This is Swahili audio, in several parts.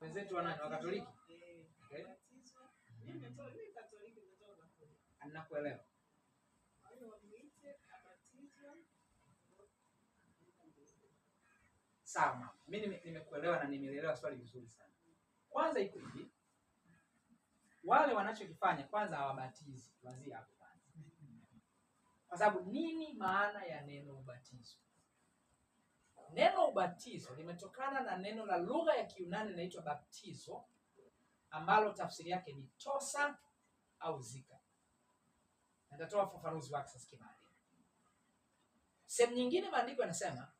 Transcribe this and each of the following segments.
wenzetu wa nani, wa Katoliki? Eh. Nakuelewa. Sawa, mimi nimekuelewa na nimeelewa swali vizuri sana. Kwanza iko hivi, wale wanachokifanya kwanza hawabatizi, tuanzie hapo kwanza, kwa sababu nini maana ya neno ubatizo? Neno ubatizo limetokana na neno la lugha ya Kiunani linaitwa baptizo ambalo tafsiri yake ni tosa au zika. Nitatoa ufafanuzi wake sasa kimaandiko. Sehemu nyingine maandiko yanasema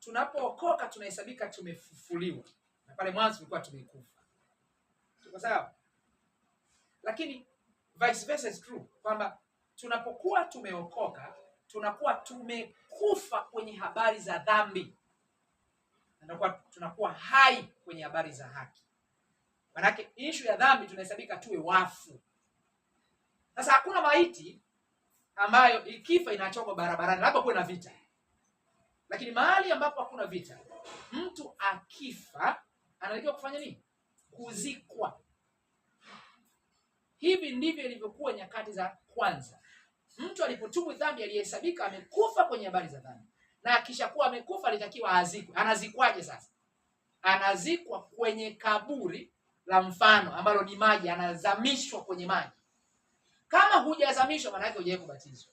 tunapookoka tunahesabika tumefufuliwa, na pale mwanzo tulikuwa tumekufa. Tuko sawa? Lakini vice versa is true kwamba tunapokuwa tumeokoka tunakuwa tumekufa kwenye habari za dhambi, tunakuwa tunakuwa hai kwenye habari za haki. Manake ishu ya dhambi tunahesabika tuwe wafu. Sasa hakuna maiti ambayo ikifa inachoma barabarani, labda kuwe na vita, lakini mahali ambapo hakuna vita, mtu akifa anatakiwa kufanya nini? Kuzikwa. Hivi ndivyo ilivyokuwa nyakati za kwanza. Mtu alipotubu dhambi aliyehesabika amekufa kwenye habari za dhambi, na akishakuwa amekufa alitakiwa azikwe. Anazikwaje sasa? Anazikwa kwenye kaburi la mfano ambalo ni maji, anazamishwa kwenye maji. Kama hujazamishwa, maana yake hujawahi kubatizwa.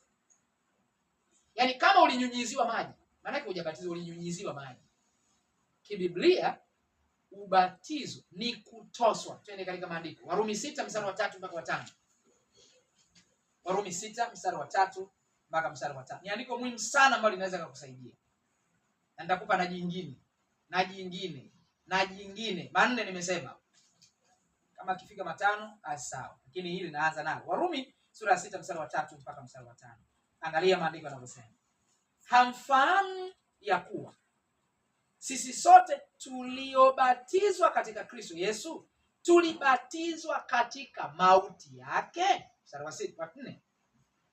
Yaani kama ulinyunyiziwa maji, maana yake hujabatizwa, ulinyunyiziwa maji. Kibiblia ubatizo ni kutoswa. Twende katika maandiko, Warumi sita mstari wa tatu mpaka wa Warumi sita mstari wa tatu mpaka mstari wa tano. Ni andiko muhimu sana ambalo linaweza kukusaidia, na nitakupa na jingine na jingine na jingine manne. Nimesema kama kifika matano sawa, lakini hili linaanza nalo Warumi sura ya sita mstari wa tatu mpaka mstari wa tano. Angalia maandiko yanavyosema, hamfahamu ya kuwa sisi sote tuliobatizwa katika Kristo Yesu tulibatizwa katika mauti yake mstari wa sita nne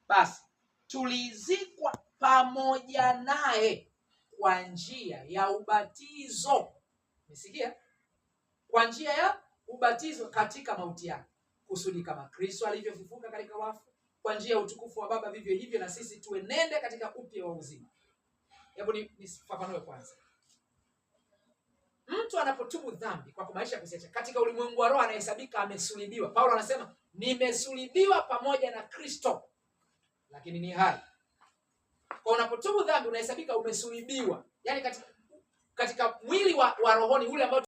basi tulizikwa pamoja naye kwa njia ya ubatizo mesikia kwa njia ya ubatizo katika mauti yake kusudi kama kristo alivyofufuka katika wafu kwa njia ya utukufu wa baba vivyo hivyo na sisi tuenende katika upya wa uzima hebu nifafanue kwanza mtu anapotubu dhambi kwa kumaisha kusiacha katika ulimwengu wa roho anahesabika amesulibiwa paulo anasema nimesulibiwa pamoja na Kristo, lakini ni hai. Kwa unapotubu dhambi unahesabika umesulibiwa, yani katika, katika mwili wa, wa rohoni ule ambao